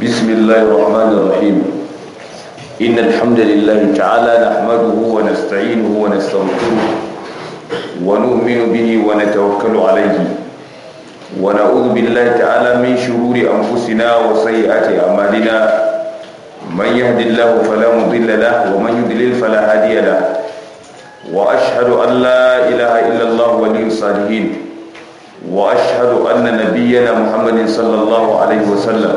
بسم الله الرحمن الرحيم إن الحمد لله تعالى نحمده ونستعينه ونستغفره ونؤمن به ونتوكل عليه ونعوذ بالله تعالى من شرور أنفسنا وسيئات أعمالنا من يهد الله فلا مضل له ومن يضلل فلا هادي له وأشهد أن لا إله إلا الله ولي الصالحين وأشهد أن نبينا محمد صلى الله عليه وسلم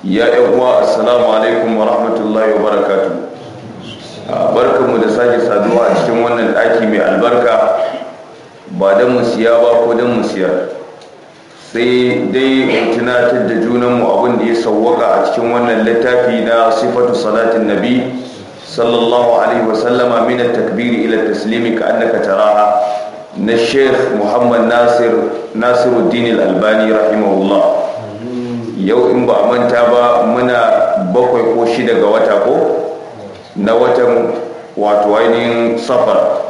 ya yan uwa assalamu alaikum wa rahmatullahi wa barakatu ah, barkanmu da sake saduwa a cikin wannan ɗaki mai albarka ba don mu siya ba ko don mu siyar sai dai mu tunatar da junanmu abin da ya sauwaka a cikin wannan littafi na sifatu salatin nabi sallallahu alaihi min takbiri ila taslimi ka annaka taraha na sheikh muhammad nasir nasiruddin al-albani rahimahullah yau in ba manta ba muna bakwai ko shida ga wata ko na watan wato ainihin safar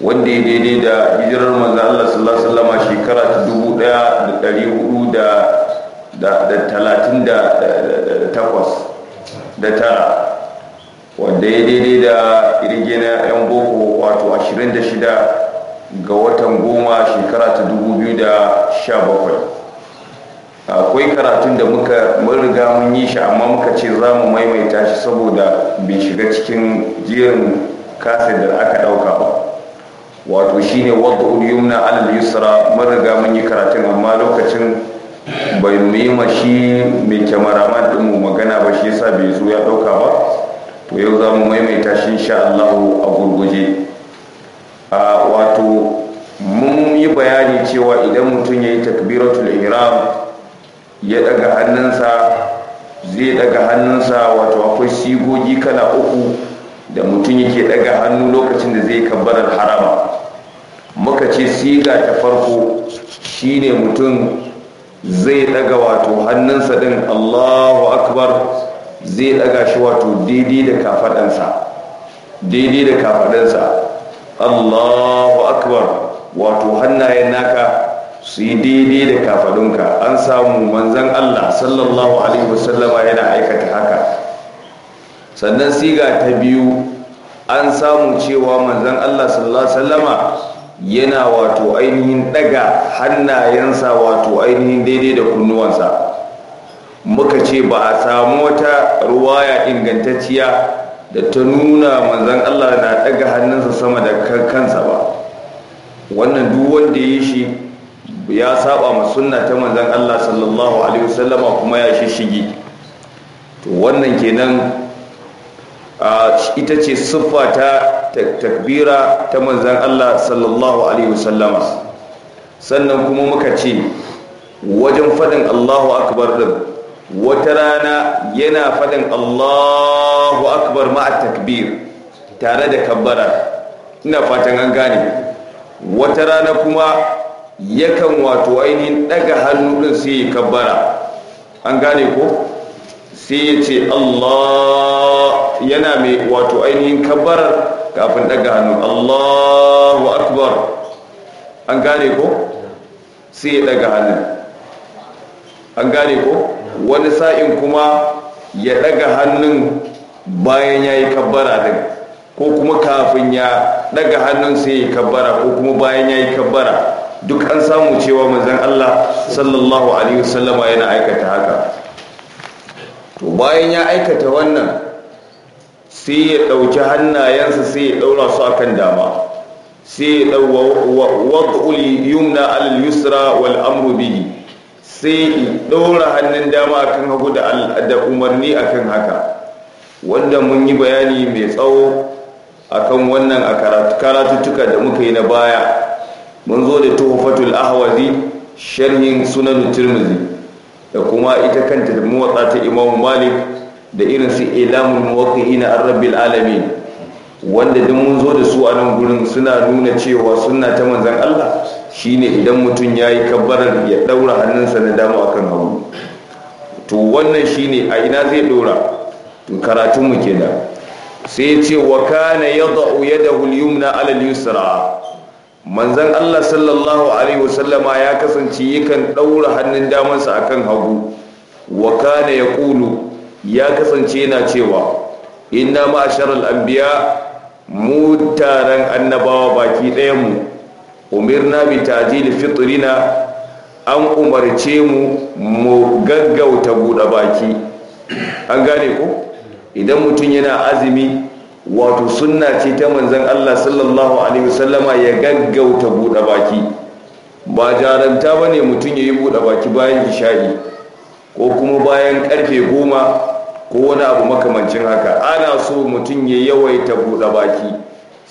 wanda ya daidai da hijirar manzan Allah sallallahu alaihi wasallam shekara ta dubu daya da dari hudu da talatin da takwas da tara wanda ya daidai da irge na yan boko wato ashirin da shida ga watan goma shekara ta dubu biyu da sha bakwai akwai karatun da muka mun riga mun yi shi amma muka ce za mu maimaita shi saboda bai shiga cikin jerin kaset da aka ɗauka ba wato shine wadda uliyumna alal yusra mun riga mun yi karatun amma lokacin bai yi shi mai kyamaraman mu magana ba shi yasa bai zo ya ɗauka ba to yau za mu maimaita shi insha Allah a gurguje a wato mun yi bayani cewa idan mutum ya yi takbiratul ihram ya daga hannunsa zai daga hannunsa wato akwai sigogi kala uku da mutum yake daga hannu lokacin da zai kabbalar harama muka ce siga ta farko shine mutum zai daga wato hannunsa din allahu akbar zai daga shi wato daidai da kafadansa daidai da kafadansa allahu akbar wato hannayen naka su yi daidai da kafadunka an samu manzan allah sallallahu alaihi wasallama yana aikata haka sannan siga ta biyu an samu cewa manzan allah sallallahu alaihi wasallama yana wato ainihin daga hannayensa wato ainihin daidai da kunnuwansa muka ce ba a samu wata ruwaya ingantacciya da ta nuna manzan allah na daga hannunsa sama da kansa ba wannan duk wanda ya shi ya saba ma sunna ta manzon Allah sallallahu alaihi wasallama kuma ya shishigi to wannan kenan ita ce siffa ta takbira ta manzon Allah sallallahu alaihi wasallama sannan kuma muka ce wajen fadin Allahu akbar din wata rana yana fadin Allahu akbar ma'a takbir tare da kabbara ina fatan an gane wata rana kuma yakan wato ainihin daga hannu din sai ya kabbara an gane ko sai ya ce Allah yana mai wato ainihin kabbara kafin daga hannu Allahu akbar an gane ko sai ya daga hannu. an gane ko wani sa'in kuma ya daga hannun bayan ya yi kabbara din ko kuma kafin ya daga hannun sai ya kabbara ko kuma bayan ya yi kabbara duk an samu cewa manzan Allah sallallahu alaihi wasallama yana aikata haka to bayan ya aikata wannan sai ya ɗauki hannayensa sai ya ɗaura su akan dama sai ya ɗau uli yumna al yusra wal’amru bihi sai ɗaura hannun dama akan hagu da umarni akan haka wanda mun yi bayani mai tsawo akan wannan a karatuttuka da muka yi na baya mun zo da tuhufatul ahwazi sharhin sunan tirmidhi da kuma ita kanta da muwatsa ta imam malik da irin su ilamul muwaqqi'ina na rabbil alamin wanda duk mun zo da su a nan gurin suna nuna cewa sunna ta manzon Allah shine idan mutum yayi kabbarar ya daura hannunsa na dama akan hagu to wannan shine a ina zai ɗora? to karatun mu kenan sai ya ce wa kana yadau yadahu al-yumna ala al-yusra manzan Allah sallallahu alaihi wasallama ya kasance yakan ɗaura hannun damansa akan hagu wa kane ya ƙulu ya kasance yana cewa ina ma ma'asharal anbiya mu taron annabawa baki ɗayanmu umirna bi da fitrina an umarce mu mu gaggauta buɗe baki an gane ku idan mutum yana azumi wato sunna ce ta manzon Allah sallallahu alaihi wasallama ya gaggauta buɗe baki ba jaranta ba ne mutum ya yi buɗe baki bayan nishaɗi ko kuma bayan ƙarfe goma ko wani abu makamancin haka ana so mutum ya yawaita buɗe baki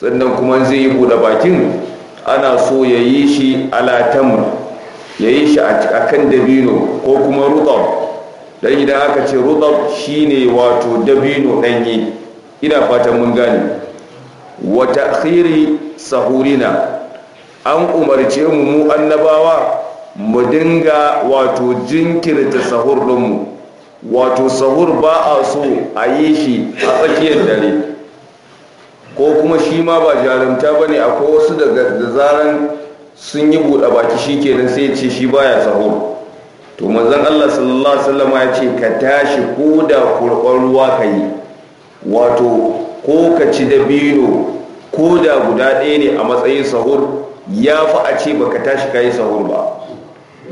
sannan kuma zai yi buɗe bakin ana so ya yi shi alatamur ya yi shi a kan dabino ko kuma rutab don idan aka ce rutab shine wato dabino ɗanye ina fatan mun gane wa ta'khiri sahurina an umarce mu mu annabawa mu dinga wato jinkirta sahur dinmu wato sahur ba a so a yi shi a tsakiyar dare ko kuma shi ma ba jarumta ba ne akwai wasu daga da zaran sun yi buɗa baki shi kenan sai ce shi baya sahur to manzon allah sallallahu alaihi wasallam ya ce ka tashi ko da kurɓar ruwa ka yi wato ko ka ci dabino ko da guda ɗaya ne a matsayin sahur ya fi a ce baka tashi kayi sahur ba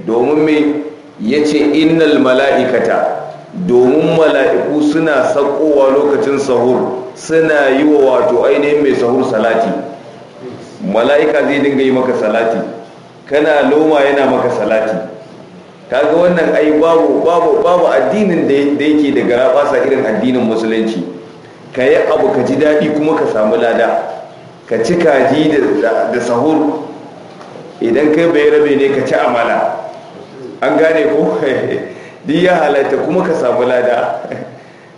domin me ya ce innal mala'ikata domin mala'iku suna sakowa lokacin sahur suna yi wa wato ainihin mai sahur salati mala'ika zai dinga yi maka salati kana loma yana maka salati kaga wannan ai babu babu addinin da yake da garabasa irin addinin musulunci ka yi abu ka ji daɗi kuma ka samu lada ka ci kaji da sahur idan kai bai rabe ne ka ci amala an gane ko duk ya halatta kuma ka samu lada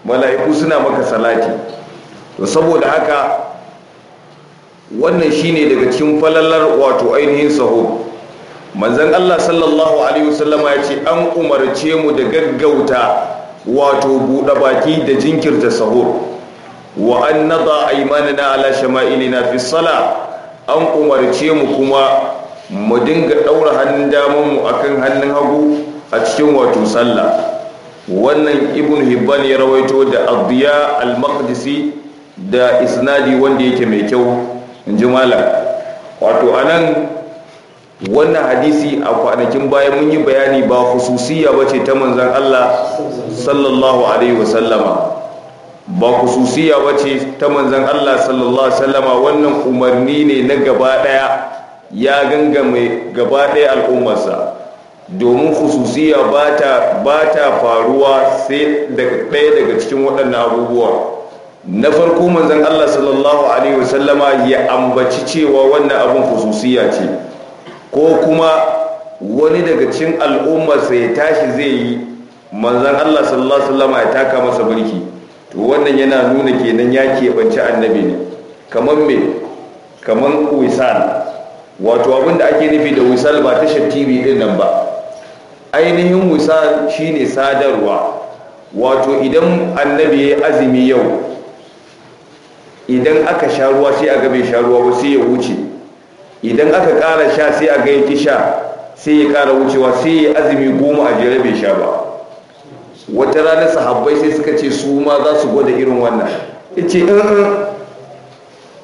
mala'iku suna maka salati to saboda haka wannan shine daga cikin falalar wato ainihin sahur manzan allah sallallahu alaihi wasallama ya ce an umarce mu da gaggauta wato buɗe baki da jinkirta sahur wa an nada aymanana ala shama'ilina fi sala an umarce mu kuma mu dinga daura hannun daman mu akan hannun hagu a cikin wato sallah wannan ibn hibban ya rawaito da adiya al-maqdisi da isnadi wanda yake mai kyau in ji malam wato anan wannan hadisi a kwanakin baya mun yi bayani ba hususiya ba ce ta manzan Allah sallallahu alaihi wasallama ba kususiya ba ce ta manzan Allah sallallahu Alaihi wannan umarni ne na gaba daya ya gangame gaba ɗaya al'ummarsa domin kususiya ba ta faruwa sai daga ɗaya daga cikin waɗannan abubuwa na farko manzan Allah sallallahu Alaihi wasallama ya ambaci cewa wannan abin kususiya ce ko kuma wani daga cikin al'ummarsa ya tashi zai yi manzan Allah sallallahu Alaihi wasallama ya taka masa birki. wannan yana nuna kenan ya banci annabi ne kamar me kamar wisal wato abin da ake nufi da wisal ba tashar tv din nan ba ainihin wisal shine sadarwa wato idan annabi ya azumi yau idan aka sha ruwa sai a ga bai sha ruwa ba sai ya wuce idan aka kara sha sai a ga ya sha sai ya kara wucewa sai ya azumi goma a jere bai sha ba wata rana sahabbai sai suka ce su ma za su gwada irin wannan ya ce mm, mm,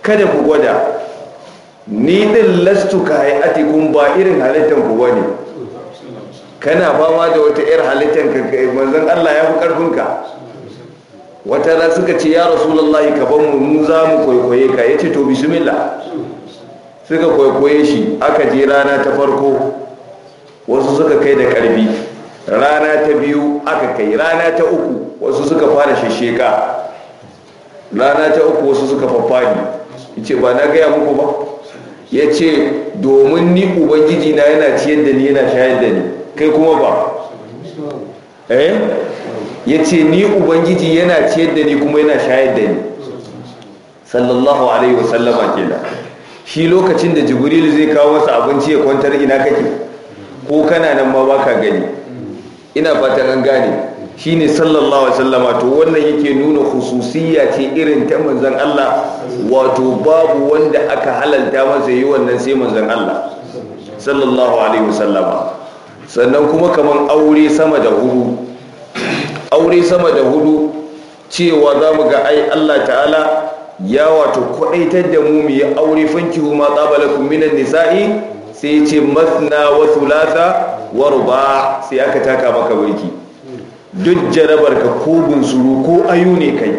kada ku gwada ni din lastu ka haiatikun ba irin halittar ku bane kana fama da wata yar halittar ka manzon Allah ya fi ƙarfinka. wata ran suka ce ya rasulullahi ka ban mu mu za mu kwaikwaye ka yace to bismillah suka kwaikwaye shi aka je rana ta farko wasu suka kai da karfi rana ta biyu aka kai rana ta uku wasu suka fara shesheka rana ta uku wasu suka faffadi ce ba na gaya muku ba ya ce domin ni ubangiji na yana ciyar da ni yana shayar da ni kai kuma ba eh ya ce ni ubangiji yana ciyar da ni kuma yana shayar da ni sallallahu alaihi wasallama da. shi lokacin da jibril zai kawo masa abinci ya kwantar ina kake ko kana nan ma baka gani ina fatan an gane shine sallallahu alaihi wasallama to wannan yake nuna hususiyya ce irin ta manzon Allah wato babu wanda aka halalta masa yi wannan sai manzon Allah sallallahu alaihi wasallama sannan kuma kaman aure sama da hudu aure sama da hudu cewa za mu ga ai Allah ta'ala ya wato kwadaitar da mu mu yi aure fankihu ma qabalakum minan nisa'i sai ce masna wa thulatha ba sai aka taka maka birki. duk jarabar ka ko suru ko ayu ne kai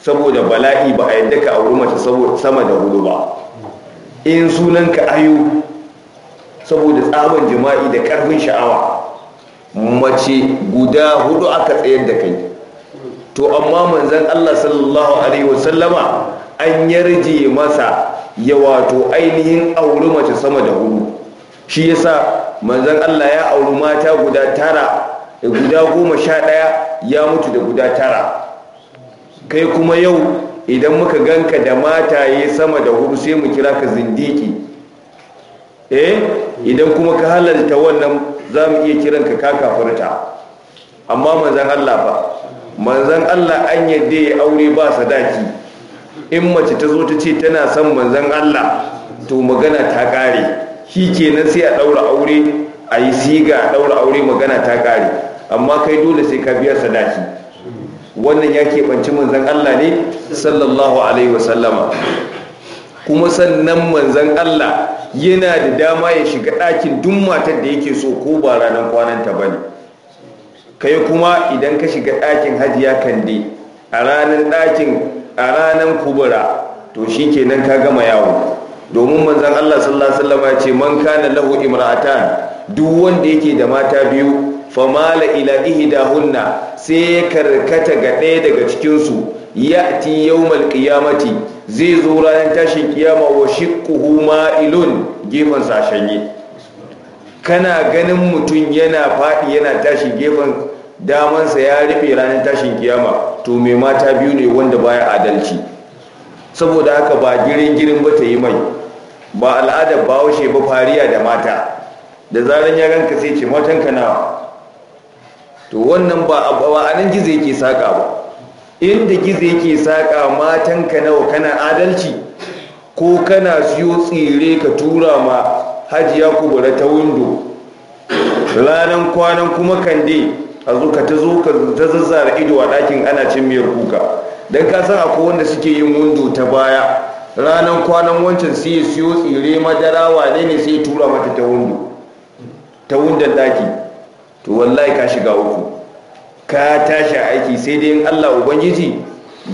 saboda bala'i ba a yadda ka auri mace sama da hudu ba in sunan ka ayu saboda tsaban jima'i da karfin sha'awa mace guda hudu aka tsayar da kai to amma manzan Allah sallallahu alaihi wasallama an yarje masa ya wato ainihin auri mace sama da hudu shi yasa manzon Allah ya auri mata guda tara da eh, guda goma sha ɗaya ya mutu da guda tara kai kuma yau idan muka ganka da mata yi sama da hudu sai mu kira ka zindiki eh idan kuma ka halarta wannan za mu iya kiran ka furta amma manzan Allah ba manzan Allah an yadda ya aure ba sadaki in mace ta zo ta ce tana son manzan Allah to magana ta ƙare shi kenan sai a ɗaura aure a yi siga a ɗaura aure magana ta ƙare amma kai dole sai ka biya sadaki wannan ya keɓanci manzan Allah ne sallallahu alaihi wasallama kuma sannan manzan Allah yana da dama ya shiga ɗakin duk matar da yake so ko ba ranar kwananta ba ne kai kuma idan ka shiga ɗakin hajiya kande a ranar ɗakin a ranar kubura to shi kenan ka gama yawo domin manzan Allah sallallahu alaihi wasallam ya ce man kana lahu imra'atan duk wanda yake da mata biyu famala ila hunna sai ya karkata ga ɗaya daga cikin su ya'ti yawmal qiyamati zai zo ranar tashin kiyama wa shiqquhu ma'ilun gefen sa shanye kana ganin mutum yana fadi yana tashi gefen damansa ya rufe ranar tashin kiyama to mai mata biyu ne wanda baya adalci saboda haka ba girin girin ba ta yi mai ba al'adar ba bawashe ba fariya da mata da zaran ya ranka sai ce matan ka nawa to wannan ba a nan gizo yake saƙa ba inda gizo yake saka matan ka nawa kana adalci ko kana siyo tsire ka tura ma hajiya kubura ta windo Ranar kwanan kuma kande a zo ka ta zo ta zazzara ido a ɗakin ana cin miyar kuka don ka san akwai wanda suke yin wundu ta baya ranar kwanan wancan sai siyo tsire madara wane ne sai tura mata ta wundu ta wundan daki to wallahi ka shiga uku ka tashi aiki sai dai in allah ubangiji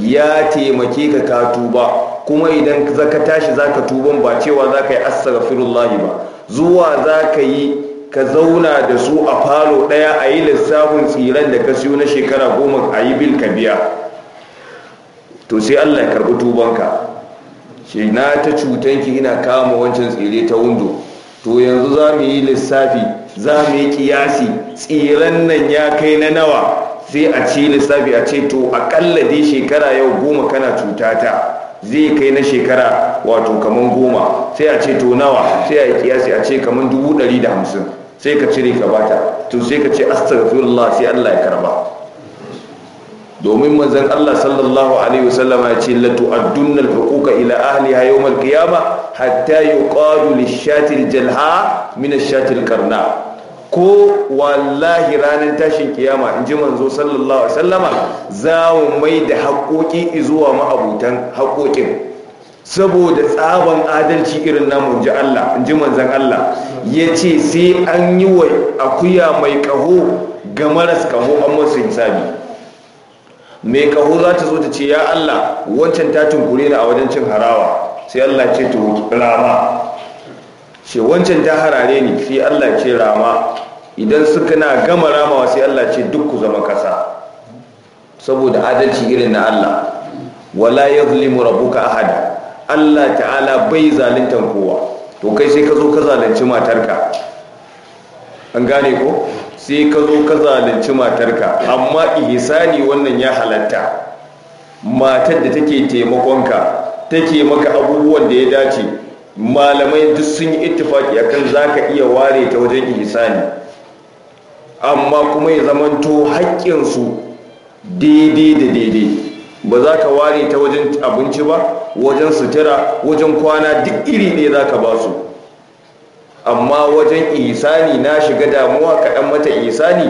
ya taimake ka ka tuba kuma idan za ka tashi za ka tuban ba cewa za ka yi firullahi ba zuwa za ka yi ka zauna da su a falo ɗaya a yi lissafin tsiran da ka siyo na shekara goma a yi bil ka biya to sai Allah ya karbi tubanka shi na ta cutanki ina kama wancan tsire ta wundo to yanzu za mu yi lissafi za mu yi kiyasi tsiren nan ya kai na nawa sai a ci lissafi a ce to akalla dai shekara yau goma kana cuta ta zai kai na shekara wato kamar goma sai a ce to nawa sai a yi kiyasi a ce kaman dubu ɗari da hamsin sai ka cire ka bata to sai ka ce astagfirullah sai Allah ya karba domin manzon Allah sallallahu alaihi wasallama ya ce latu addunnal huquqa ila ahli, yawmal kiyama, hatta yuqadu lishatil jalha min ashatil karna ko wallahi ranar tashin kiyama in ji manzo sallallahu alaihi wasallama za mu mai da haƙoƙi zuwa ma'abutan haƙoƙin saboda tsaban adalci irin namu ji Allah ji manzan Allah ya ce sai an yi wa akuya mai kaho ga maras kaho an masu hisabi mai kaho za ta zo ta ce ya Allah wancan ta tunkure ni a wajen cin harawa sai Allah ce to rama ce wancan ta harare ni sai Allah ce rama idan suka na gama ramawa sai Allah ce duk ku zama kasa saboda adalci irin na Allah wala yazlimu rabbuka ahada Allah ta'ala bai zaluntar kowa to kai sai ka zo ka zalunci matarka an gane ko sai ka zo ka zalunci matarka amma ihisani wannan ya halatta matar da take taimakonka take maka abubuwan da ya dace malamai duk sun yi ittifaki akan ka iya ware ta wajen ihisani amma kuma ya zamanto haƙƙinsu daidai da daidai ba za ka ware ta wajen abinci ba wajen sutura wajen kwana duk iri ɗaya za ka ba su amma wajen isani na shiga damuwa ka mata isani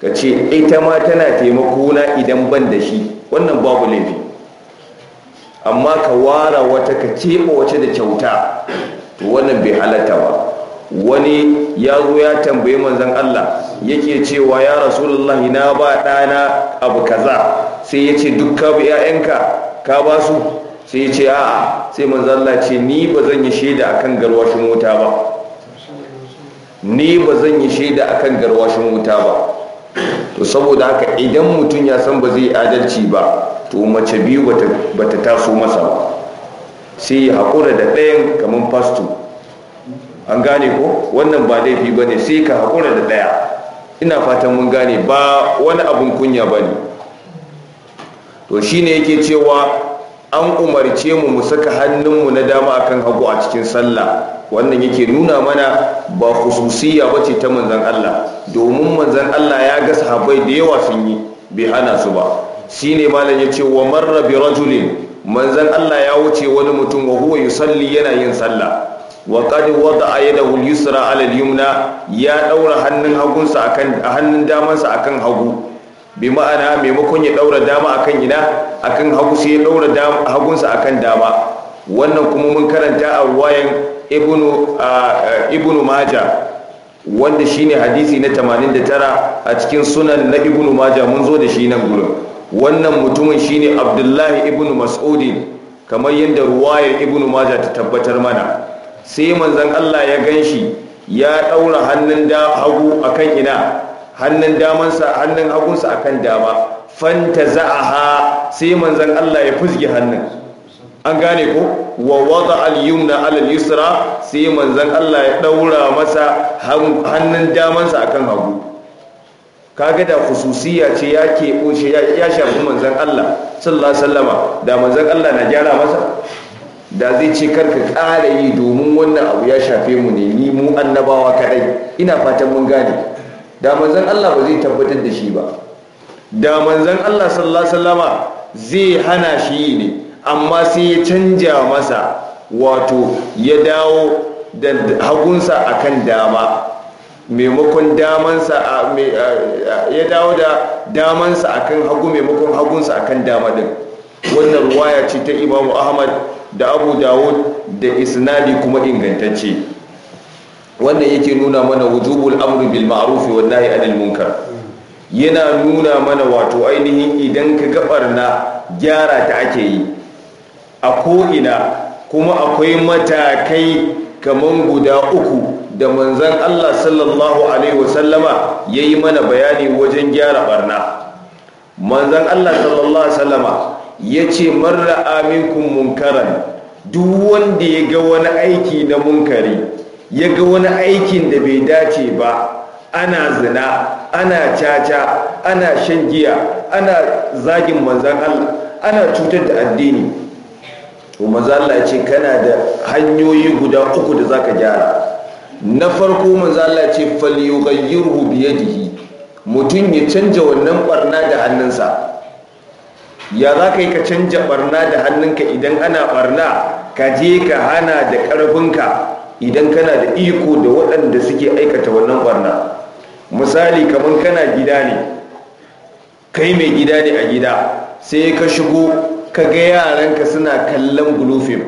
ka ce ita ma tana taimako na idan ban da shi wannan babu laifi amma ka wara wata ka keɓe wace da kyauta to wannan bai halatta ba wani ya zo ya tambaye manzan Allah yake cewa ya rasulullah na ba ɗana abu kaza sai ya ce duk ka 'ya'yanka ka ba su sai ya ce a'a sai manzan Allah ce ni ba zan yi shaida akan garwashin mota ba ni ba zan yi shaida akan garwashin wuta ba to saboda haka idan mutum ya san ba zai adalci ba to mace biyu ba ta taso masa ba sai ya haƙura da ɗayan kamar fasto an gane ko wannan ba laifi ba ne sai ka haƙura da ɗaya ina fatan mun gane ba wani abin kunya ba ne to shi ne yake cewa an umarce mu mu saka hannunmu na dama akan hagu a cikin sallah wannan yake nuna mana ba ba ce ta Manzan Allah domin Manzan Allah ya ga sahabbai da yawa sun yi bai hana su ba shi ne malam ce wa marra bi rajulin Manzan Allah ya wuce wani mutum wa huwa yusalli yana yin sallah wa qad wada'a yadahu al-yusra 'ala yumna ya ɗaura hannun hagunsa akan hannun damansa akan hagu bi ma'ana maimakon ya daura dama akan ina akan hagu sai ya daura hagunsa akan dama wannan kuma mun karanta a ruwayan ibnu ibnu maja wanda shine hadisi na 89 a cikin sunan na ibnu maja mun zo da shi nan gurin wannan mutumin shine abdullahi ibnu mas'udi kamar yadda ruwayar ibnu maja ta tabbatar mana sai manzon Allah ya ganshi ya daura hannun da hagu akan ina hannun damansa hannun hagunsa akan dama fanta za'aha sai manzan Allah ya fusge hannun an gane ko wa wada al-yumna ala al-yusra sai manzan Allah ya daura masa hannun damansa akan hagu kaga da khususiya ce ya ke ya shafi manzan Allah sallallahu alaihi wasallama da manzan Allah na gyara masa da zai ce karka ƙara yi domin wannan abu ya shafe mu ne ni mu annabawa kadai ina fatan mun gane da manzan Allah ba zai tabbatar da shi ba da manzan Allah sallallahu zai hana shi ne amma sai ya canja masa wato ya dawo da hagunsa akan dama maimakon damansa ya dawo da damansa akan hagu maimakon hagunsa akan dama din wannan ruwaya ce ta imamu ahmad da abu dawud da isnadi kuma ingantacce wannan yake nuna mana wujubul amru bil ma'ruf wa nahyi anil munkar yana nuna mana wato ainihin idan ka gabar gyara ta ake yi a ko'ina kuma akwai matakai kaman guda uku da manzan Allah sallallahu alaihi wasallama ya yi mana bayani wajen gyara barna manzan Allah sallallahu alaihi wasallama ya ce marra aminkun munkaran duk wanda ya ga wani aiki na munkari ya ga wani aikin da bai dace ba ana zina ana caca ana shan giya ana zagin manzan Allah ana cutar da addini to Allah ce kana da hanyoyi guda uku da zaka gyara na farko manzan Allah ce falyughayyirhu biyadihi mutum ya canja wannan barna da hannunsa ya za ka yi ka canja barna da hannunka idan ana barna ka je ka hana da ƙarfinka idan kana da iko da waɗanda suke aikata wannan barna misali kamar kana gida ne kai mai gida ne a gida sai ka shigo ka ga yaranka suna kallon gulufin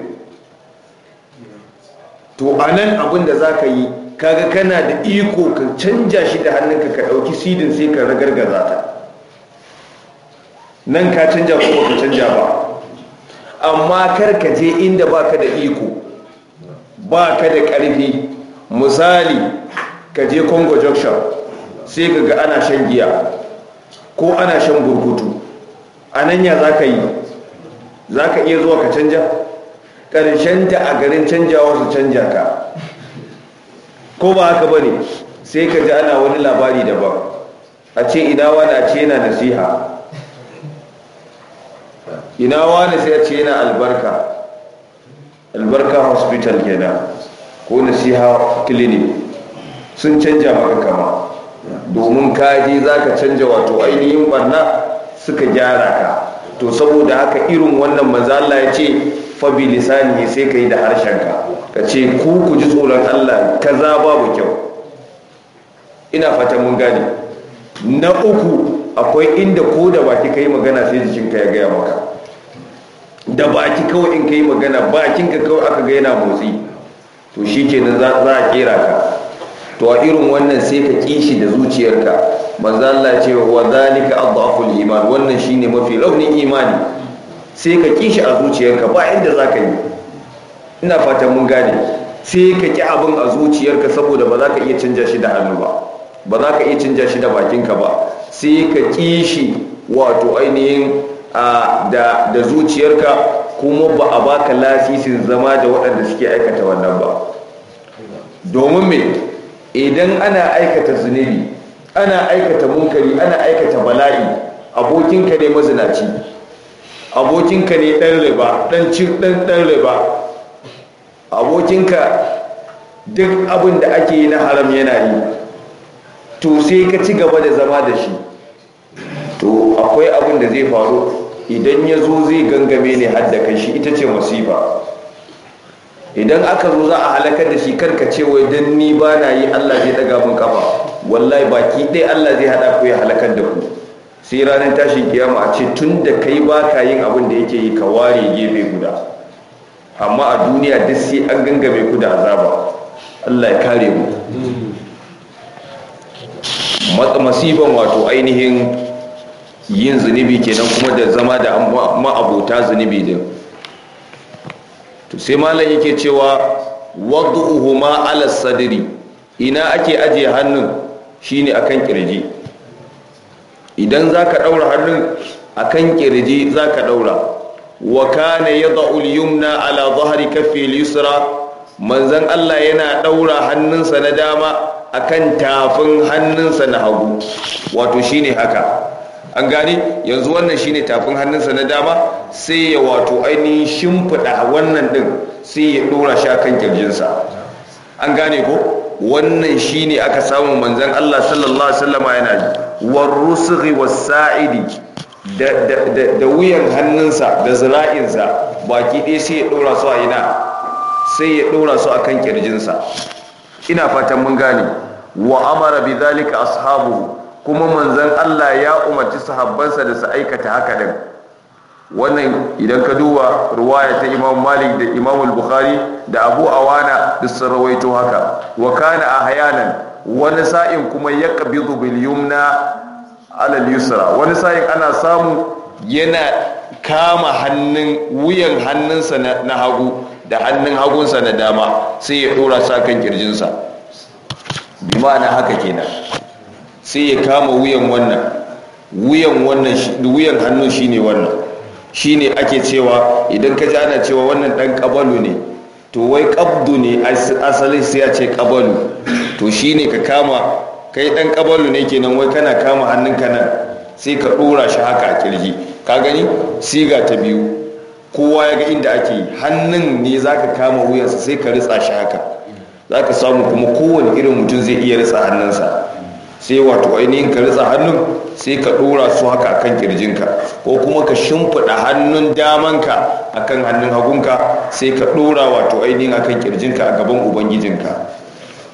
to a nan abin da za ka yi kaga kana da iko ka canja shi da hannunka ka ɗauki sidin sai ka ragargaza ta nan ka canja ko ka canja ba amma kar ka je inda baka da iko ba ka da ƙarfi misali ka je congo junction sai ka ga ana shan giya ko ana shan burkutu a nan ya za ka yi za ka iya zuwa ka canja ta a garin canjawa su canja ka ko ba haka ba ne sai ka ji ana wani labari daban a ce ina wani a ce yana nasiha ina wani sai a ce yana albarka albarka hospital kenan ko nasiha clinic sun canja maka kama domin kaji za ka canja wato ainihin barna suka gyara ka to saboda haka irin wannan mazala ya ce fabi lisani sai ka yi da harshenka ka ce ku ku ji tsoron allah kaza babu kyau ina fatan mun gane na uku akwai inda ko da baki ka yi magana sai jikinka ya gaya maka da baki kawai in ka yi magana bakinka kawai aka ga yana motsi to shi ke kenan za a kera ka to a irin wannan sai ka kishi da zuciyarka manzan Allah ce wa zalika adhaful iman wannan shine mafi raunin imani sai ka kishi a zuciyarka ba inda za ka yi ina fatan mun gane sai ka ki abin a zuciyarka saboda ba za ka iya canja shi da hannu ba ba za ka iya canja shi da bakinka ba sai ka kishi wato ainihin da zuciyarka kuma ba a baka lasisin zama da waɗanda suke aikata wannan ba domin me idan ana aikata zunubi ana aikata munkari ana aikata bala'i abokinka ne mazinaci abokinka ne ɗan riba ɗan cin ɗan riba abokinka duk abin da ake yi na haram yana yi to sai ka ci gaba da zama da shi to akwai abin da zai faru idan ya zo zai gangame ne hadda kai shi ita ce masifa idan aka zo za a halakar da shi karka ce wai don ni ba na yi Allah zai daga mun kafa wallahi baki ɗaya Allah zai hada ku ya halakar da ku sai ranar tashin kiyama a ce tun da kai ba ka yin abin da yake yi ka ware gefe guda amma a duniya duk sai an gangame ku da azaba Allah ya kare mu masifan wato ainihin yin zunubi kenan kuma da zama da ma'abuta zunubi din to sai malam yake cewa wadduhu ma ala sadri ina ake ajiye hannun shine akan kirji idan zaka daura hannun akan kirji zaka daura wa kana yad'u al-yumna ala dhahri kaffi al-yusra manzon Allah yana daura hannunsa na dama akan tafin hannunsa na hagu wato shine haka an gane yanzu wannan shine tafin hannunsa na dama sai ya wato ainihin shimfiɗa wannan ɗin sai ya ɗora shi kan kirjinsa an gane ko wannan shine aka samu manzan Allah sallallahu alaihi yana yi wa sa'idi da wuyan hannunsa da zira'insa baki ɗaya sai ya ɗora su a yana sai ya ɗora su akan kirjinsa ina fatan mun gane wa amara bi zalika ashabu kuma manzan Allah ya umarci sahabbansa da su aikata haka din wannan idan ka duba ruwaya ta Imam Malik da Imam Bukhari da Abu Awana da sun rawaito haka wa kana hayanan wani sa'in kuma ya bil yumna ala yusra wani sa'in ana samu yana kama hannun wuyan hannunsa na hagu da hannun hagunsa na dama sai ya dora sa kan kirjinsa bi ma'ana haka kenan sai ya kama wuyan wannan wuyan wannan wuyan hannun shine wannan shine ake cewa idan ka ji ana cewa wannan dan kabalu ne to wai kabdu ne asali sai ya ce kabalu to shine ka kama kai dan kabalu ne kenan wai kana kama hannunka nan sai ka dora shi haka a kirji ka gani siga ta biyu kowa ya ga inda ake yi hannun ne za ka kama wuyansa sai ka ritsa shi haka za ka samu kuma kowane irin mutum zai iya ritsa hannunsa sai wato ainihin ka ritsa hannun sai ka ɗora su haka akan kirjinka ko kuma ka shimfiɗa hannun damanka akan hannun hagunka sai ka ɗora wato ainihin akan kirjinka a gaban ubangijinka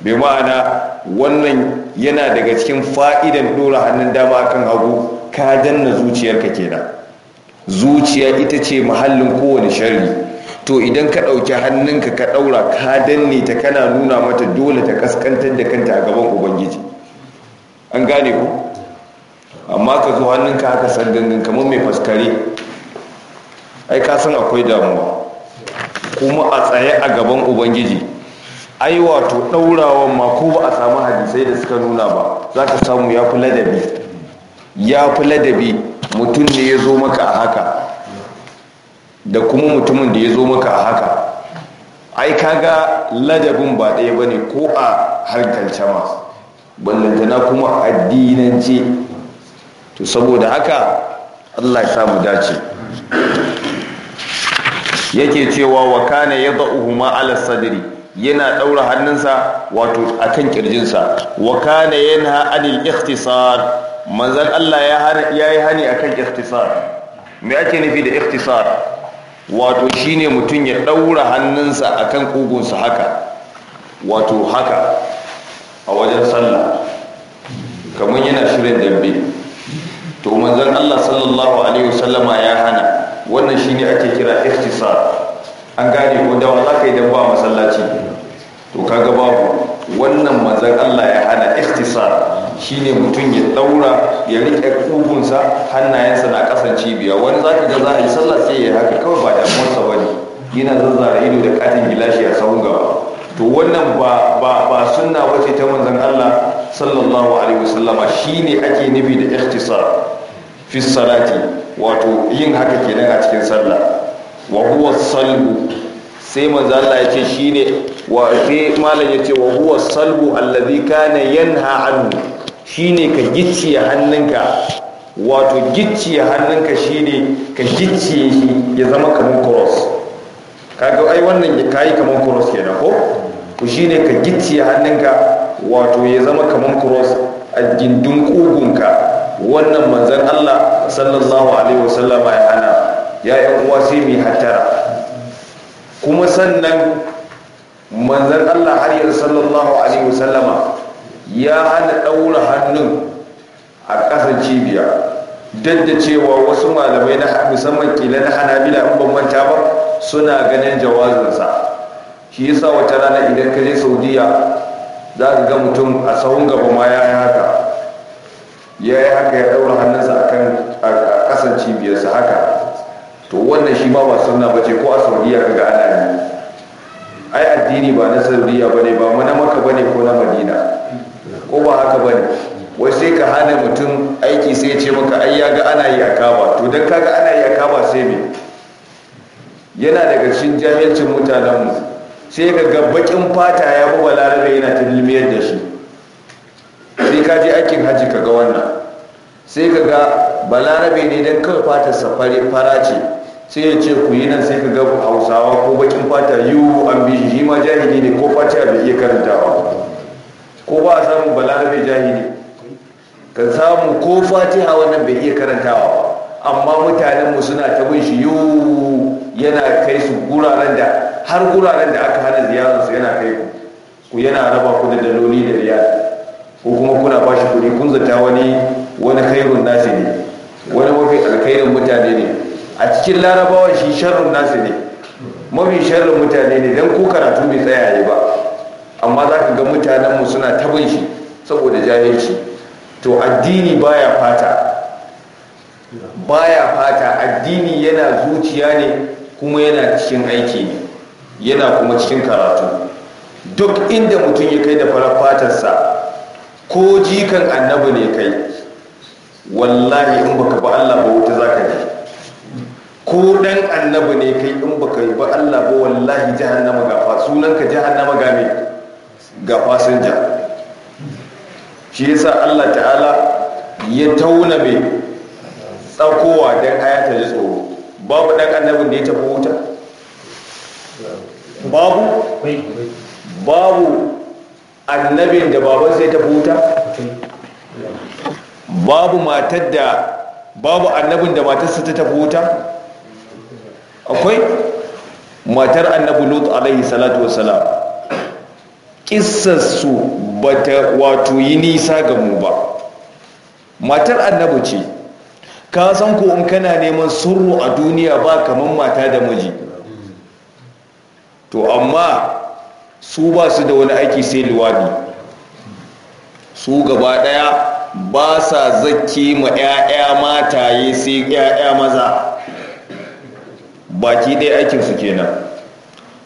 bai ma'ana wannan yana daga cikin fa'idan ɗora hannun dama akan hagu ka danna zuciyarka kenan zuciya ita ce muhallin kowane sharri to idan ka ɗauki hannunka ka ɗaura ka danne ta kana nuna mata dole ta kaskantar da kanta a gaban ubangiji an gane ku amma ka zo hannunka haka sandangan kamar mai faskare ai ka san akwai damuwa kuma a tsaye a gaban ubangiji ai wato daurawan ma ko ba a samu hadisai da suka nuna ba za ka samu ya fi ladabi ya fi ladabi mutum ne ya zo maka a haka da kuma mutumin da ya zo maka a haka ai kaga ladabin ba ɗaya ba ne ko a harkar masu ballantana kuma addinance to saboda haka Allah ya samu dace yake cewa wa ya yad'uhuma ala sadri yana daura hannunsa wato akan kirjinsa wa kana yanha anil ikhtisar manzon Allah ya yi hani akan ikhtisar me ake nufi da ikhtisar wato shine mutum ya daura hannunsa akan kugunsa haka wato haka a wajen sallah kamar yana shirin dambe to manzan Allah sallallahu alaihi wasallama ya hana wannan shine ake kira ikhtisar an gane ko dawa za ka yi damba a masallaci to kaga babu wannan manzan Allah ya hana ikhtisar shine mutum ya daura ya riƙe kugunsa hannayensa na ƙasan cibiya wani za ka ga za a yi sallah sai ya haka kawai ba da ba ne yana zazzara ido da katin gilashi a sahun gaba to wannan ba ba ba sunna ta manzan Allah sallallahu alaihi wasallama shine ake nufi da ikhtisar fi salati wato yin haka kenan a cikin sallah wa huwa salbu sai manzan Allah ya ce shine wa sai malam ya ce wa huwa salbu allazi kana yanha anhu shine ka gicciye hannunka wato gicciye hannunka shine ka gicciye shi ya zama kamar cross kaga ai wannan kai kamar cross kenan ko shi ne ka gicciye hannunka wato ya zama kamar cross a gindin ƙugunka wannan manzan Allah sallallahu alaihi wasallama ya hana ya yi uwa sai mai hattara kuma sannan manzan Allah har yanzu sallallahu alaihi wasallama ya hana ɗaura hannun a ƙasar cibiya duk da cewa wasu malamai na musamman kila na hanabila bila ban ba suna ganin jawazinsa shi yasa wata rana idan ka je saudiya za ka ga mutum a sahun gaba ma ya yi haka ya yi haka ya ɗaura hannunsa a biyar cibiyarsa haka to wannan shi ma ba sunna ba ce ko a saudiya ka ga ana yi ai addini ba na saudiya ba ne ba na maka ba ne ko na madina ko ba haka ba ne wai sai ka hana mutum aiki sai ce maka ai ya ga ana yi a kaba to don kaga ana yi a kaba sai me yana daga cikin jami'ancin mutanenmu sai kaga ga bakin fata ya buga balarabe yana ta dilmiyar da shi sai ka je aikin hajji ka ga wannan sai ka ga balarabe ne don kawai fata safari fara ce sai ya ce ku yi nan sai ka ga hausawa ko bakin fata yiwu an bi shi ma jahili ne ko fata bai iya karantawa ko ba a samun larabe jahili ka samu ko fatiha wannan bai iya karantawa amma mutanenmu suna ta bin shi yiwu yana kai su guraren da har guraren da aka hana ziyararsu yana kai ku yana raba ku da daloli da riyal ko kuma kuna ba shi kuɗi kun zata wani wani khairun nasi ne wani mafi alkhairin mutane ne a cikin larabawa shi sharrun nasi ne mafi sharrin mutane ne don ko karatu bai tsaya ba amma za ka ga mutanenmu suna tabin shi saboda jahilci to addini baya fata baya fata addini yana zuciya ne kuma yana cikin aiki ne yana kuma cikin karatu duk inda mutum ya kai da farar fatarsa ko jikan annabi ne kai wallahi in baka ba Allah ba wuta zaka je ko dan annabi ne kai in baka ba Allah ba wallahi jahannama ga fa ka jahannama ga me ga fasinja shi yasa Allah ta'ala ya tauna me tsakowa dan aya ta ji tsoro babu dan annabin da ya tafi wuta babu babu annabin da baban sai ta buta babu matar da babu annabin da matarsa ta tafi wuta akwai matar annabi lut alaihi salatu wassalam kissarsu ta wato yi nisa ga mu ba matar annabi ce ka san ko in kana neman surru a duniya ba kaman mata da miji to amma su ba su da wani aiki sai luwadi su gaba daya ba sa zaki ma 'ya'ya mataye sai 'ya'ya maza baki ɗaya su kenan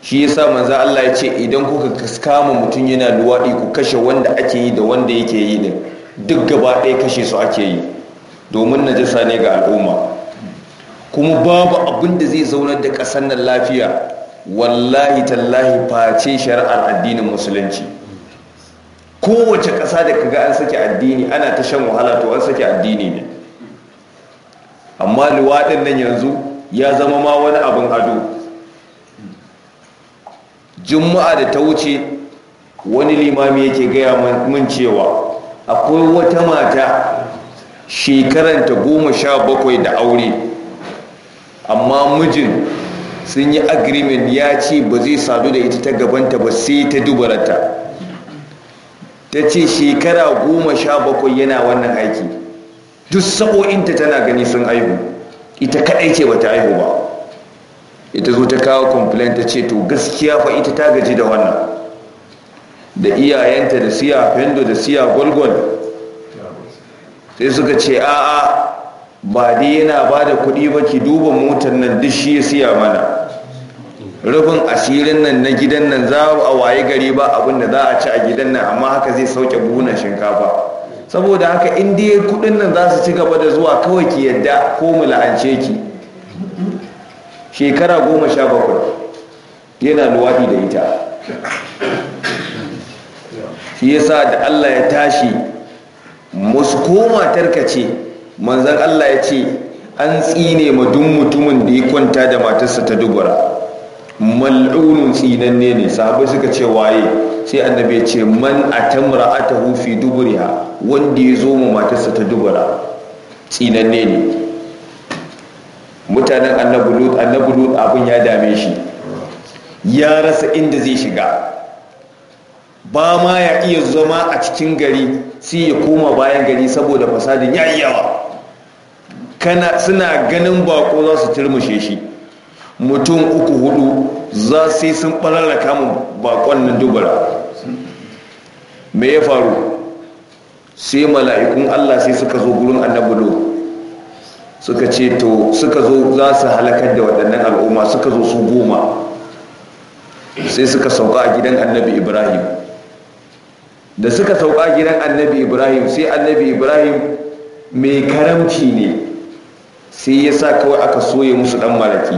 shi yasa manzo Allah ya ce idan kuka kama mutum yana luwadi ku kashe wanda ake yi da wanda yake yi din duk gaba ɗaya kashe su ake yi domin najasa ne ga al'umma kuma babu abinda zai zaunar da ƙasar nan lafiya wallahi tallahi face shari'ar addinin musulunci kowace ƙasa da kaga an sake addini ana ta shan wahala to an sake addini ne amma luwaɗin nan yanzu ya zama ma wani abin ado juma'a da ta wuce wani limami yake gaya mun cewa akwai wata mata shekaranta goma sha bakwai da aure amma mijin sun yi agreement ya ce ba zai sadu da ita ta gabanta ba sai ta dubarata ta ce shekara goma sha bakwai yana wannan aiki duk sabo'inta tana gani sun aihu ita kadai ce bata aihu ba ita zo ta kawo complaint ta ce to gaskiya fa ita ta gaji da wannan da iyayenta da siya fendo da siya gwalgwal sai suka ce a'a ba dai yana ba da kuɗi ba ki duba motar nan duk shi ya siya mana rufin asirin nan na gidan nan za a waye gari ba abinda za a ci a gidan nan amma haka zai sauke buhunan shinkafa saboda haka in dai kuɗin nan za su ci gaba da zuwa kawai ki yadda ko mu la'ance ki shekara goma sha bakwai yana luwaɗi da ita shi yasa da allah ya tashi musu ko matarka ce manzan Allah ya ce an tsine ma duk mutumin da ya kwanta da matarsa ta dubura mal'unun tsinanne ne sahabai suka ce waye sai annabi ya ce man a atamra atahu fi duburiha wanda ya zo ma matarsa ta dubura tsinanne ne mutanen annabulut lut abin ya dame shi ya rasa inda zai shiga ba ma ya iya zama a cikin gari sai ya koma bayan gari saboda fasadin ya yi yawa kana suna ganin bako za su turmushe shi mutum uku hudu za su yi sun ɓararra kamun bakon nan dubara me ya faru sai mala'ikun allah sai suka zo gurin annabudu suka ce to suka zo za su halakar da waɗannan al'umma suka zo su goma sai suka sauka a gidan annabi ibrahim da suka sauka a gidan annabi ibrahim sai annabi ibrahim mai karamci ne sai ya sa kawai aka soya musu dan malaki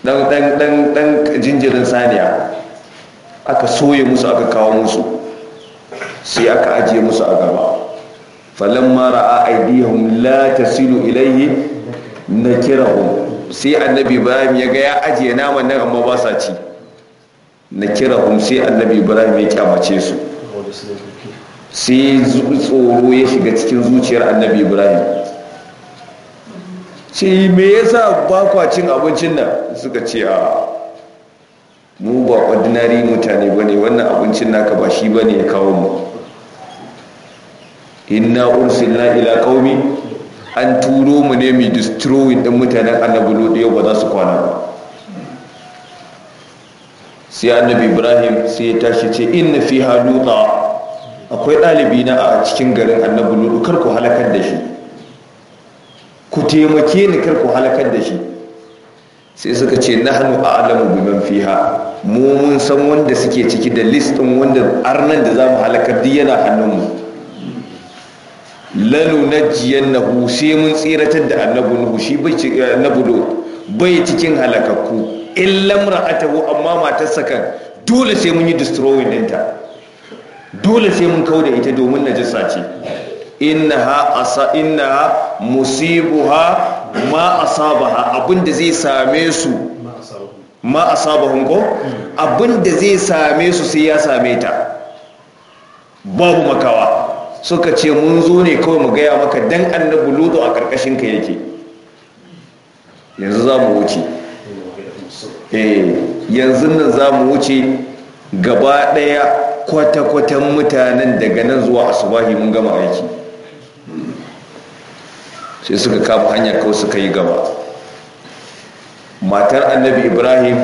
dan dan dan dan jinjirin saniya aka soya musu aka kawo musu sai aka ajiye musu a gaba falamma ra'a aidihum la tasilu ilayhi nakirahum sai annabi ibrahim ya ga ya ajiye naman nan amma ba sa ci nakirahum sai annabi ibrahim ya kyamace su sai tsoro ya shiga cikin zuciyar annabi ibrahim ce me yasa ba kwa cin abincin nan suka ce a mu ba ordinary mutane ba ne wannan abincin naka ba shi ba ne ya kawo mu inna ursilna ila qaumi an turo mu ne mu destroying din mutanen annabi lodi yau ba za su kwana ba sai annabi ibrahim sai ya tashi ce inna fi haluta akwai ɗalibi na a cikin garin annabi lodi kar ku halakar da shi ku taimake ni kar ku halakar da shi sai suka ce na hannu a a'lamu biman fiha mu mun san wanda suke ciki da listin ɗin wanda arnan da za mu halakar duk yana hannun mu na hu sai mun tsiratar da annabi nuhu shi bai eh, bai cikin halakakku a ra'atahu amma matarsa kan dole sai mun yi destroying dinta dole sai mun da ita domin na jisa ce innaha asa innaha musibuha ma asabaha abinda zai same su ma asabahun ko abinda zai same su sai ya same ta babu makawa suka ce mun zo ne kawai mu gaya maka dan annabi ludo a karkashin ka yake yanzu za mu wuce eh, yanzu nan za mu wuce gaba daya kwata-kwatan mutanen daga nan zuwa asubahi mun gama aiki sai suka kafa hanyar kawai suka yi gaba matar annabi ibrahim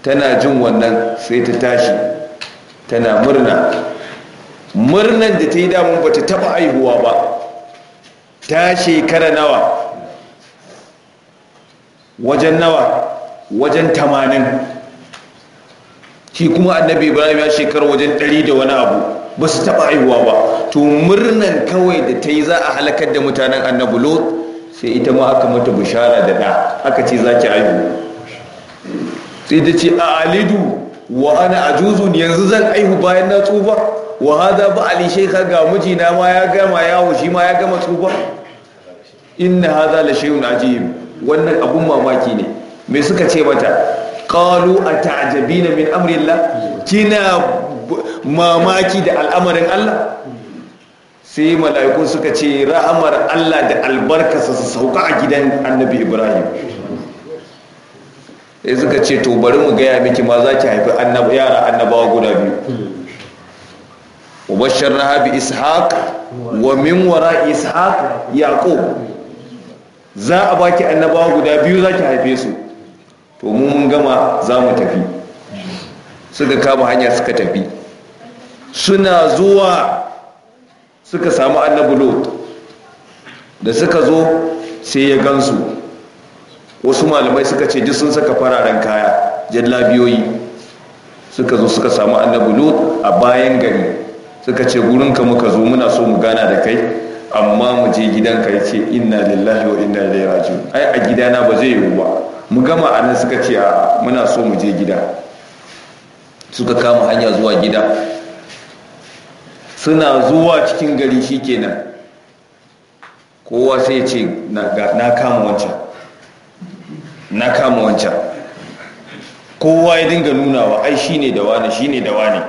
tana jin wannan sai ta tashi tana murna murnan da ta yi damun ba ta taba aihuwa ba ta shekara nawa wajen nawa wajen tamanin shi kuma annabi ibrahim ya shekar wajen ɗari da wani abu ba su taɓa aihuwa ba to murnan kawai da ta yi za a halakar da mutanen annabi lot sai ita ma aka mata bishara da ɗa aka ce za ki haihu sai ta ce a alidu wa ana yanzu zan aihu bayan na tsufa wa hada ba ali shaikha ga mijina ma ya gama yawo shi ma ya gama tsufa inna hada la shay'un ajib wannan abun mamaki ne me suka ce mata qalu atajabina min amri kina mamaki da al'amarin Allah sai mala'iku suka ce ra'amar Allah da albarkasa su sauka a gidan annabi ibrahim sai suka ce to bari mu gaya miki ma za ki haifi yara annabawa guda biyu ubashar rahabi ishaq wa min wara ishaq yaqub za a baki annabawa guda biyu za ki haife su to mu mun gama za mu tafi suka kama hanya suka tafi suna zuwa suka samu annabi da suka zo sai ya gansu wasu malamai suka ce duk sun saka fararen kaya jallabiyoyi suka zo suka samu annabi lot a bayan gari suka ce gurinka muka zo muna so mu gana da kai amma mu je gidanka ya ce inna lillahi wa inna ilaihi raji'un ai a gidana ba zai yiwu ba mu gama a nan suka ce a muna so mu je gida suka kama hanya zuwa gida suna zuwa cikin gari shi kenan kowa sai ce na kama wancan na kama wancan kowa ya dinga nunawa ai shi ne da wani shi ne da wani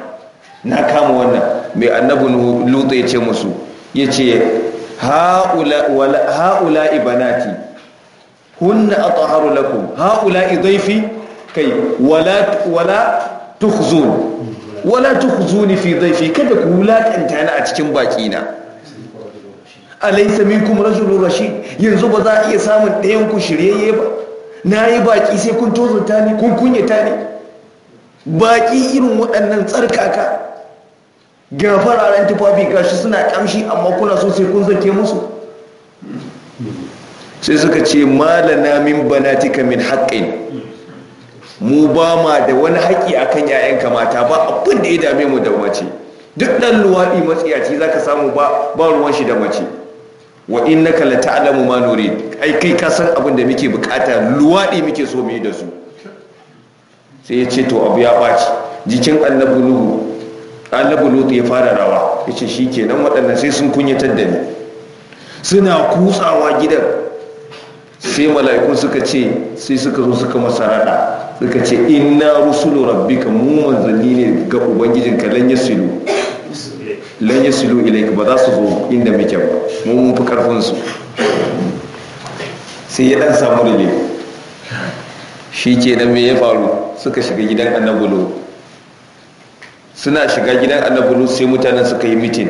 na kama wannan mai annabin lutsa ya ce musu ya ce ha'ula ibanati hunna a tsaharu lakum ha'ula izaifi kai wala tuhzun wala ni fi dhayfi kada ku wulaƙanta ni a cikin baki na alaysa minkum rajulun rashid yanzu ba za a iya samun ɗayan ku shiryayye ba yi baƙi sai kun tozurta ni kun kunyata ni Baƙi irin waɗannan tsarkaka ga fararen tufafi gashi suna ƙamshi, amma kuna so sai kun zake musu sai suka ce malana min banatika min haƙƙin. mu ba ma da wani haƙi kan yayanka mata ba abin da ya dame mu da mace duk ɗan luwaɗi matsiyaci za ka samu ba ruwan shi da mace wa in na kalata alamu ma Nuri ai kai ka san abin da muke bukata luwaɗi muke so mu yi da su sai ya ce to abu ya ɓaci jikin annabi nuhu ya fara rawa ya ce shi kenan waɗannan sai sun kunyatar da ni suna kutsawa gidan sai mala'ikun suka ce sai suka zo suka masa raɗa suka ce inna rusulu rabbika mu manzanni ne ga ubangijin ka lan yasilu lan yasilu ilaika ba za su zo inda muke ba mu mun fi karfin su sai ya dan samu rige shi ke nan me ya faru suka shiga gidan annabulu. suna shiga gidan annabulu sai mutanen suka yi mitin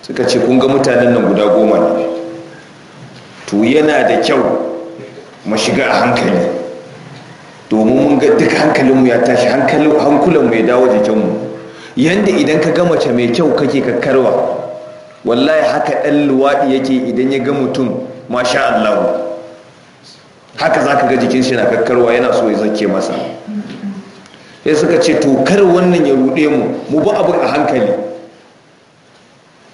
suka ce kun ga mutanen nan guda goma ne to yana da kyau mu shiga a hankali domin mun ga duk hankalinmu ya tashi hankulanmu ya dawo jikinmu yadda idan ka ga mace mai kyau kake kakkarwa wallahi haka ɗan luwaɗi yake idan ya ga mutum masha Allah haka za ka ga jikin shi na kakkarwa yana so ya zake masa sai suka ce to kar wannan ya ruɗe mu mu ba abin a hankali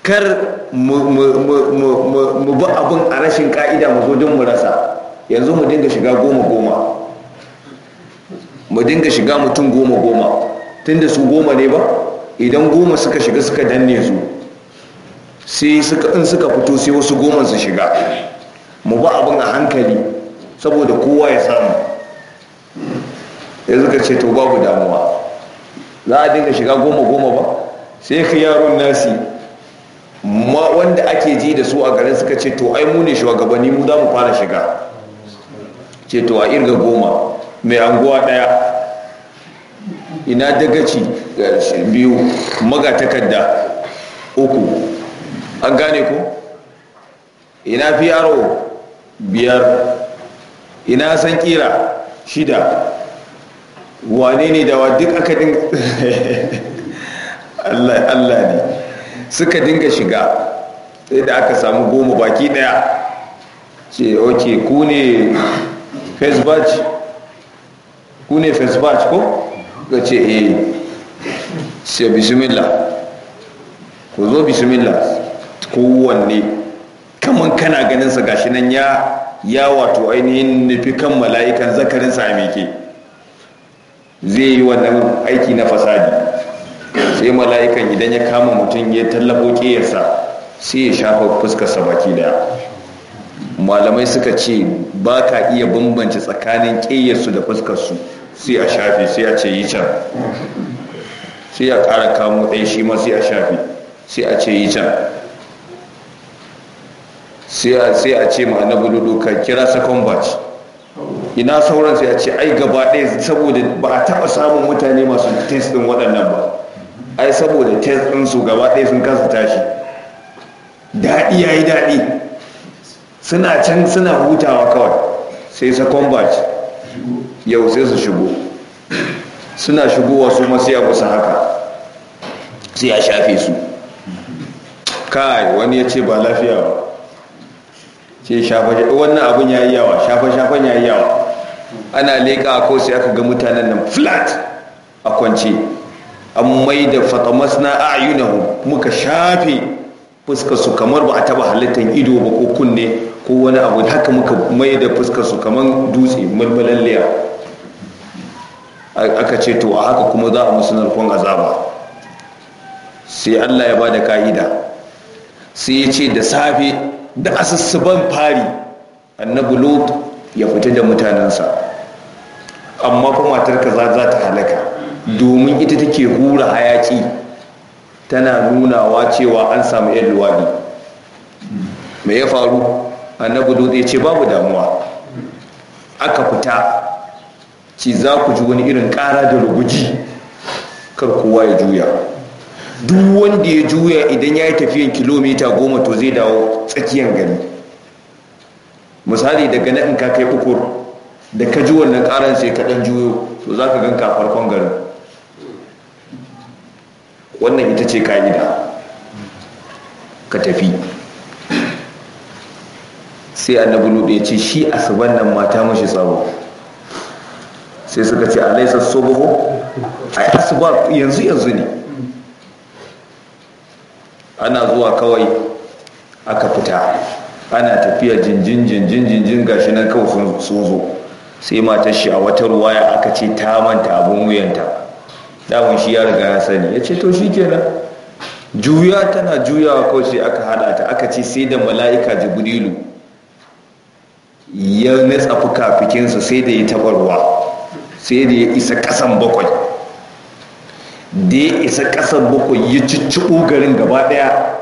kar mu ba abin a rashin ka'ida mu zo don mu rasa yanzu mu dinga shiga goma goma mu dinga shiga mutum goma goma tun da su goma ne ba idan goma suka shiga suka danne su sai in suka fito sai wasu goma su shiga mu ba abin a hankali saboda kowa ya samu yanzu zuka ce to babu damuwa za a dinga shiga goma goma ba sai ka yaron nasi ma wanda ake ji da su a garin suka ce to ai mu ne shugabanni mu za mu fara shiga ce to a irga goma mai anguwa ɗaya ina dagaci biyu magatakarda uku an gane ku ina fiyaro biyar ina san kira shida wane ne da wa duk aka dinga allah ne suka dinga shiga sai da aka samu goma baki daya ce ok ku ne facebook ku ne first ko ga ce eh sai bismillah ku zo bismillah kowanne kaman kana ganin sa gashi nan ya ya wato ainihin nufi kan mala'ikan zakarin sa meke zai yi wannan aiki na fasadi sai mala'ikan idan ya kama mutum ya tallafo kiyarsa sai ya shafa sa baki daya malamai suka ce ba ka iya bambance tsakanin ƙeyarsu da fuskarsu sai a shafi sai a ce yi can sai a ƙara kamo ɗai shi ma sai a shafi sai a ce yi can sai a ce ma na buludu ka kira second batch ina sauran sai a ce ai gaba ɗaya saboda ba a taɓa samun mutane masu test ɗin waɗannan ba ai saboda test ɗin su gaba ɗaya sun kasa tashi daɗi ya yi daɗi suna can suna hutawa kawai sai second batch yau sai su shigo suna shigowa su masu ya kusa haka sai ya shafe su kai wani ya ce ba lafiya ba ce shafa wannan abin ya yi yawa shafa-shafan ya yi yawa ana leƙa ko sai aka ga mutanen nan flat a kwance an mai da fatamas na ayunahu muka shafe fuska su kamar ba a taba halittar ido ba ko kunne ko wani abu haka muka mai da fuskar su kamar dutse liya aka ce to a haka kuma za a musu narkon azaba sai Allah ya ba da ka'ida sai ya ce da safe da asassuban fari annabi lot ya fita da mutanensa amma kuma matar kaza za ta halaka domin ita take hura hayaki tana nunawa cewa an samu yan luwadi mai ya faru annabi dutse ce babu damuwa aka fita ci za ku ji wani irin ƙara da ruguji kar kowa ya juya duk wanda ya juya idan ya yi tafiyan kilomita goma to zai dawo tsakiyar gari misali daga in ka kai ukur da ka ji wannan ƙaran sai ka ɗan juyo to za ka ganka farkon garin wannan ita ce ka'ida ka tafi sai annabi lude ya ce shi asuban nan mata mashi tsawo sai suka ce a alaisa sobaho ai ba yanzu yanzu ne ana zuwa kawai aka fita ana tafiya jinjin jinjin jinjin gashi nan kawai sun zo sai matar shi a wata ruwaya aka ce ta manta abin wuyanta damun shi ya riga ya sani ya ce to shi kenan juya tana juyawa kawai sai aka hada ta aka ce sai da mala'ika jibrilu ya fuka fukafikinsa sai da ya taɓa ruwa sai da ya isa ƙasan bakwai da ya isa ƙasan bakwai ya cicciɓo garin gaba ɗaya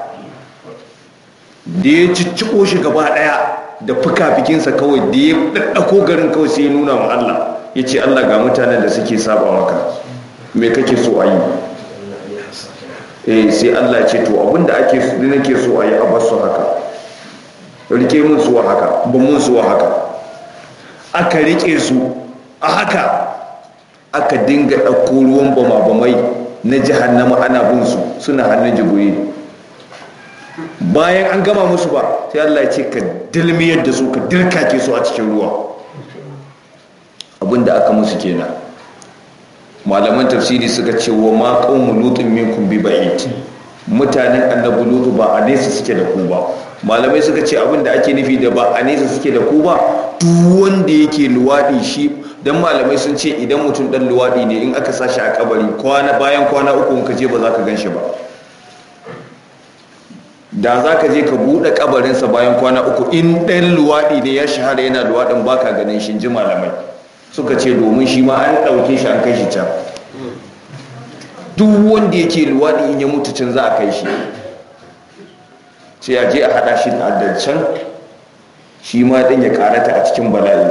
da ya cicciɓo shi gaba ɗaya da fikinsa kawai da ya ɗaɗɗako garin kawai sai ya nuna wa Allah ya ce Allah ga mutanen da suke saba maka me kake so a yi eh sai Allah ce to abinda ake nake so a yi a basu haka rike mun zuwa haka ba mun zuwa haka aka rike su a haka aka dinga ɗauko ruwan bama-bamai na jihannama ana bin su suna hannun jigoyi bayan an gama musu ba sai Allah ya ce ka dilmiyar da su ka dirkake su a cikin ruwa abinda aka musu kenan malaman tafsiri suka ce wa ma qaumu lutun minkum bi ba'id mutanen annabi lutu ba a nesa suke da ku ba malamai suka ce abin da ake nufi da ba a nesa suke da ku ba wanda yake luwaɗi shi don malamai sun ce idan mutum ɗan luwaɗi ne in aka sashi a kabari kwana bayan kwana uku ka je ba za ka gan shi ba da za ka je ka buɗe kabarinsa bayan kwana uku in ɗan luwaɗi ne ya shahara yana luwaɗin ba ka ganin shi ji malamai suka ce domin shi ma an ɗauke shi an kai shi can duk wanda yake luwaɗi in ya mutu can za a kai shi sai a je a haɗa shi da addancan shi ma ɗin ya karata a cikin bala'i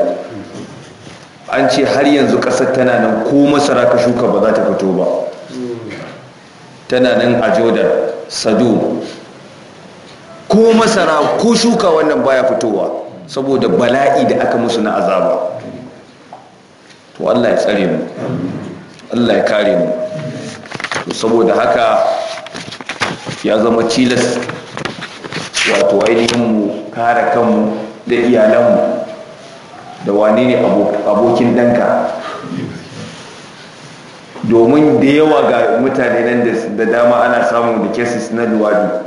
an ce har yanzu ƙasar tana nan ko masara ka shuka ba za ta fito ba tana nan a jordan sado ko masara ko shuka wannan baya fitowa saboda bala'i da aka musu na azaba to allah ya tsare mu allah ya kare mu saboda haka ya zama tilas wato ainihin mu kare kanmu da iyalanmu da wane ne abokin ɗanka domin da yawa ga mutane nan da dama ana samun da cases na luwadi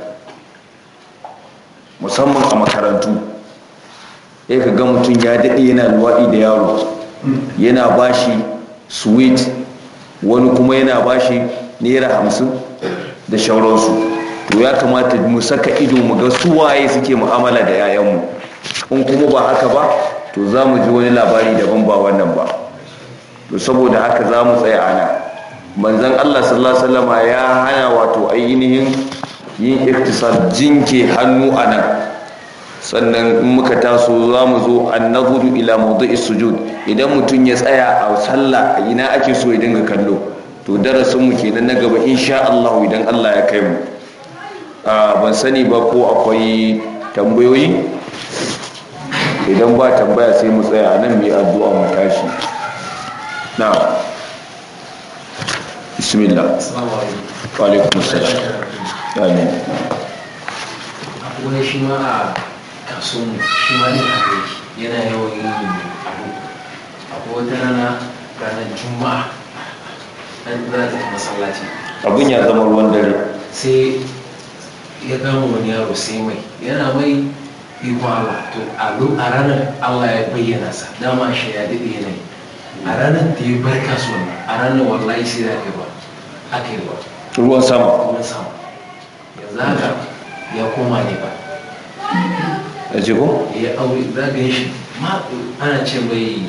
musamman a makarantu ya ka ga mutum ya daɗe yana luwaɗi da yaro yana bashi sweet wani kuma yana bashi naira hamsin da shauransu to ya kamata mu saka ido mu ga su waye suke mu'amala da 'ya'yanmu in kuma ba haka ba to za mu ji wani labari daban ba wannan ba to saboda haka za mu tsaya ana manzon Allah sallallahu alaihi ya hana wato ainihin yin iktisar jinke hannu a nan sannan in muka taso za mu zo annazuru ila mawdu'i sujud idan mutum ya tsaya a sallah ina ake so ya dinga kallo to darasinmu mu kenan na gaba insha Allah idan Allah ya kai mu ban sani ba ko akwai tambayoyi idan ba tambaya sai mu tsaya nan mai addu'a mu tashi na bismillah wa alaikum assalam amin wani shi ma a kaso mu shi ma ne a yana yawan yi ne akwai wata rana ranar juma'a an za ta masallaci abin ya zama ruwan dare sai ya kama wani yaro sai mai yana mai iwala to a ranar allah ya bayyana sa dama shi ya daɗe yanayi a ranar da ya su kasuwan a ranar wallahi sai da aka ba aka yi ba ruwan sama ruwan sama ya haka ya koma ne ba a jiko ya aure zagayen shi ma ana ce mai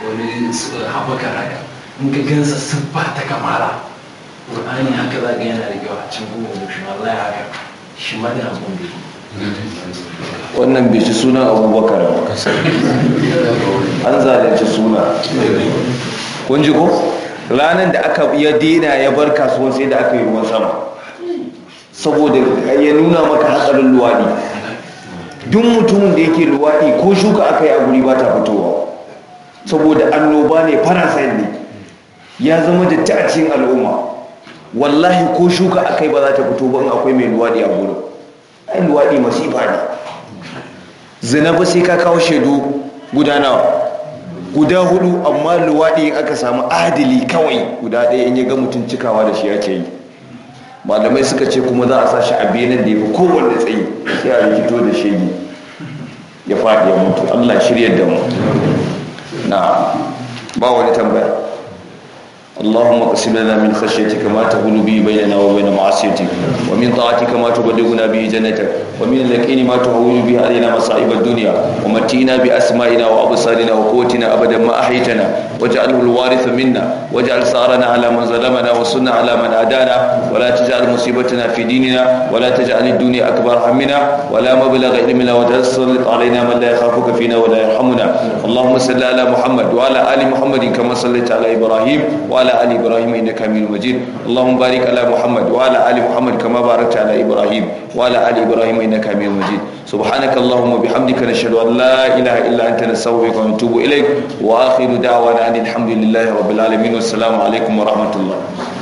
wani haɓaka haka in ka gansa sun ba ta kamala ƙur'ani haka za ga yana da kyau a cikin gungun shi wallahi haka shi ma da abun da wannan bai ci suna abubakar an zalunci suna kun ji ko ranar da aka ya dina ya bar kasuwan sai da aka yi ruwan sama saboda ya nuna maka hatsarin luwaɗi duk mutumin da yake luwaɗi ko shuka aka yi a guri ba ta fitowa saboda annoba ne farasai ne ya zama da ta'acin cikin al'umma wallahi ko shuka akai ba za ta fito ba akwai mai luwaɗi a gurin ai luwaɗi masifa ne zina ba sai ka kawo shaidu gudanawa guda hudu amma luwaɗi aka samu adili kawai guda ɗaya in ya ga mutum cikawa da shi ya ce yi malamai suka ce kuma za a sa shi a benin da ya fi kowanne tsayi sai a rikito da shege ya faɗi ya mutu allah shirya da mu na ba wani tambaya اللهم اقسم لنا من خشيتك ما تهون به بيننا وبين معصيتك ومن طاعتك ما تبلغنا به جنتك ومن اليقين ما تهون به علينا مصائب الدنيا ومتينا باسمائنا وابصارنا وقوتنا ابدا ما احيتنا واجعله الوارث منا واجعل ثارنا على من ظلمنا وصلنا على من عادانا ولا تجعل مصيبتنا في ديننا ولا تجعل الدنيا اكبر همنا ولا مبلغ علمنا وتسلط علينا من لا يخافك فينا ولا يرحمنا اللهم صل على محمد وعلى ال محمد كما صليت على ابراهيم وعلى وعلى ال ابراهيم انك حميد مجيد اللهم بارك على محمد وعلى ال محمد كما باركت على ابراهيم وعلى ال ابراهيم انك حميد مجيد سبحانك اللهم وبحمدك نشهد ان لا اله الا انت نستغفرك ونتوب اليك واخر دعوانا ان الحمد لله رب العالمين والسلام عليكم ورحمه الله